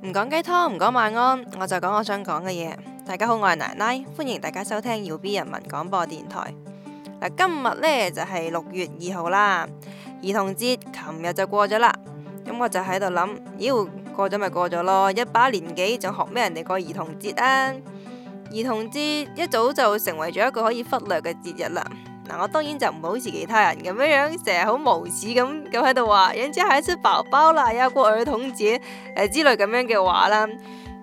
唔講雞湯，唔講晚安，我就講我想講嘅嘢。大家好，我係奶奶，歡迎大家收聽 U B 人民廣播電台。嗱，今日呢，就係、是、六月二號啦，兒童節，琴日就過咗啦。咁、嗯、我就喺度諗，妖過咗咪過咗咯，一把年紀仲學咩人哋過兒童節啊？兒童節一早就成為咗一個可以忽略嘅節日啦。嗱，我當然就唔好似其他人咁樣樣，成日好無恥咁咁喺度話，人家仲係寶寶啦，要過兒童節誒、呃、之類咁樣嘅話啦。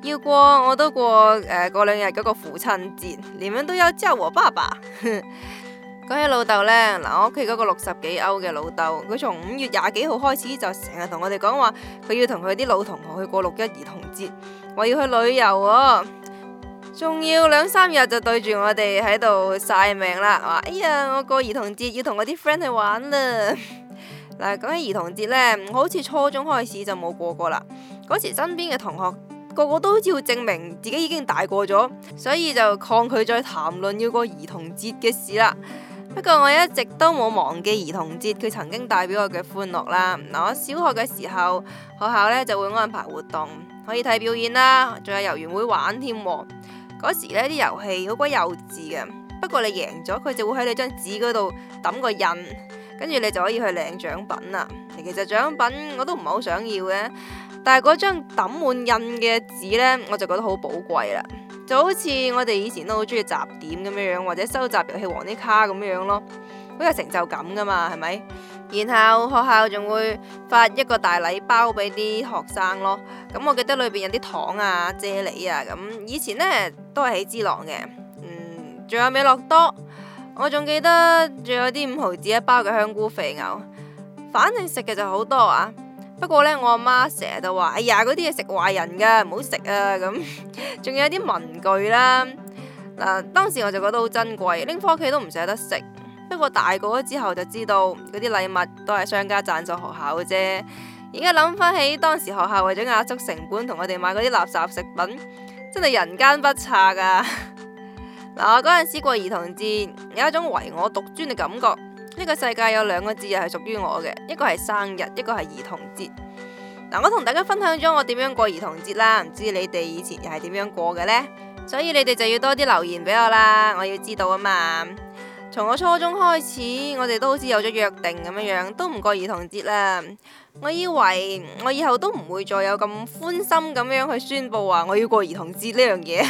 要過我都過誒、呃，過兩日嗰個父親節，連名都有，即係我爸爸。講起老豆呢，嗱我屋企嗰個六十幾歐嘅老豆，佢從五月廿幾號開始就成日同我哋講話，佢要同佢啲老同學去過六一兒童節，我要去旅遊喎、哦。仲要兩三日就對住我哋喺度晒命啦，話哎呀，我過兒童節要同我啲 friend 去玩啦。嗱，講起兒童節呢，我好似初中開始就冇過過啦。嗰時身邊嘅同學個個都好似要證明自己已經大過咗，所以就抗拒再談論要過兒童節嘅事啦。不過我一直都冇忘記兒童節，佢曾經代表我嘅歡樂啦。嗱，我小學嘅時候學校呢就會安排活動，可以睇表演啦，仲有遊園會玩添。嗰時呢啲遊戲好鬼幼稚嘅，不過你贏咗，佢就會喺你張紙嗰度揼個印，跟住你就可以去領獎品啦。其實獎品我都唔係好想要嘅，但係嗰張揼滿印嘅紙呢，我就覺得好寶貴啦。就好似我哋以前都好中意集點咁樣樣，或者收集遊戲王啲卡咁樣樣咯，好有成就感噶嘛，係咪？然後學校仲會發一個大禮包俾啲學生咯，咁我記得裏邊有啲糖啊、啫喱啊，咁以前呢，都係喜之郎嘅，嗯，仲有美樂多，我仲記得仲有啲五毫子一包嘅香菇肥牛，反正食嘅就好多啊，不過呢，我阿媽成日都話，哎呀嗰啲嘢食壞人噶，唔好食啊，咁、嗯，仲有啲文具啦，嗱，當時我就覺得好珍貴，拎翻屋企都唔捨得食。不過大個咗之後就知道嗰啲禮物都係商家贊助學校嘅啫。而家諗翻起當時學校為咗壓縮成本同我哋買嗰啲垃圾食品，真係人間不測㗎！嗱， 我嗰陣時過兒童節，有一種唯我獨尊嘅感覺。呢個世界有兩個節日係屬於我嘅，一個係生日，一個係兒童節。嗱，我同大家分享咗我點樣過兒童節啦，唔知你哋以前又係點樣過嘅呢？所以你哋就要多啲留言俾我啦，我要知道啊嘛。從我初中開始，我哋都好似有咗約定咁樣樣，都唔過兒童節啦。我以為我以後都唔會再有咁歡心咁樣去宣佈話我要過兒童節呢樣嘢，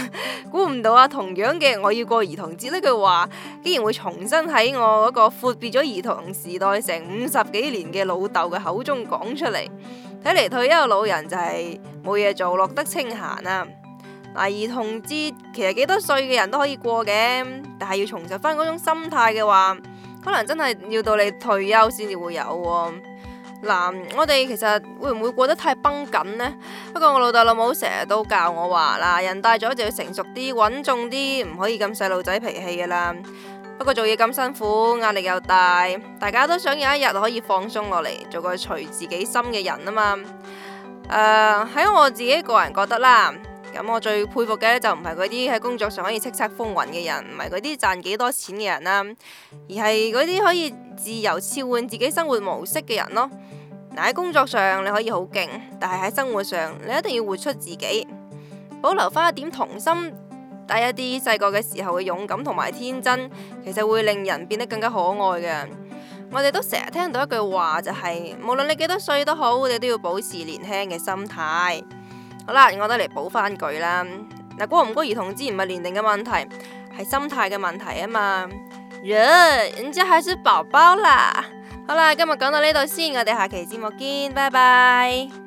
估唔到啊！同樣嘅我要過兒童節呢句話，竟然會重新喺我嗰個闊別咗兒童時代成五十幾年嘅老豆嘅口中講出嚟。睇嚟退休老人就係冇嘢做，落得清閒啊！嗱，兒童節其實幾多歲嘅人都可以過嘅，但係要重拾翻嗰種心態嘅話，可能真係要到你退休先至會有喎。嗱，我哋其實會唔會過得太崩緊呢？不過我老豆老母成日都教我話啦，人大咗就要成熟啲、穩重啲，唔可以咁細路仔脾氣噶啦。不過做嘢咁辛苦，壓力又大，大家都想有一日可以放鬆落嚟，做個隨自己心嘅人啊嘛。喺、呃、我自己個人覺得啦。咁我最佩服嘅就唔係嗰啲喺工作上可以叱咤風雲嘅人，唔係嗰啲賺幾多錢嘅人啦，啊，而係嗰啲可以自由切換自己生活模式嘅人咯。嗱，喺工作上你可以好勁，但係喺生活上你一定要活出自己，保留翻一點童心，帶一啲細個嘅時候嘅勇敢同埋天真，其實會令人變得更加可愛嘅。我哋都成日聽到一句話就係、是，無論你幾多歲都好，我哋都要保持年輕嘅心態。好啦，我哋嚟補返句啦。嗱，孤唔孤獨童之自然唔係年齡嘅問題，係心態嘅問題啊嘛。呀，人家還是寶寶啦。好啦，今日講到呢度先，我哋下期節目見，拜拜。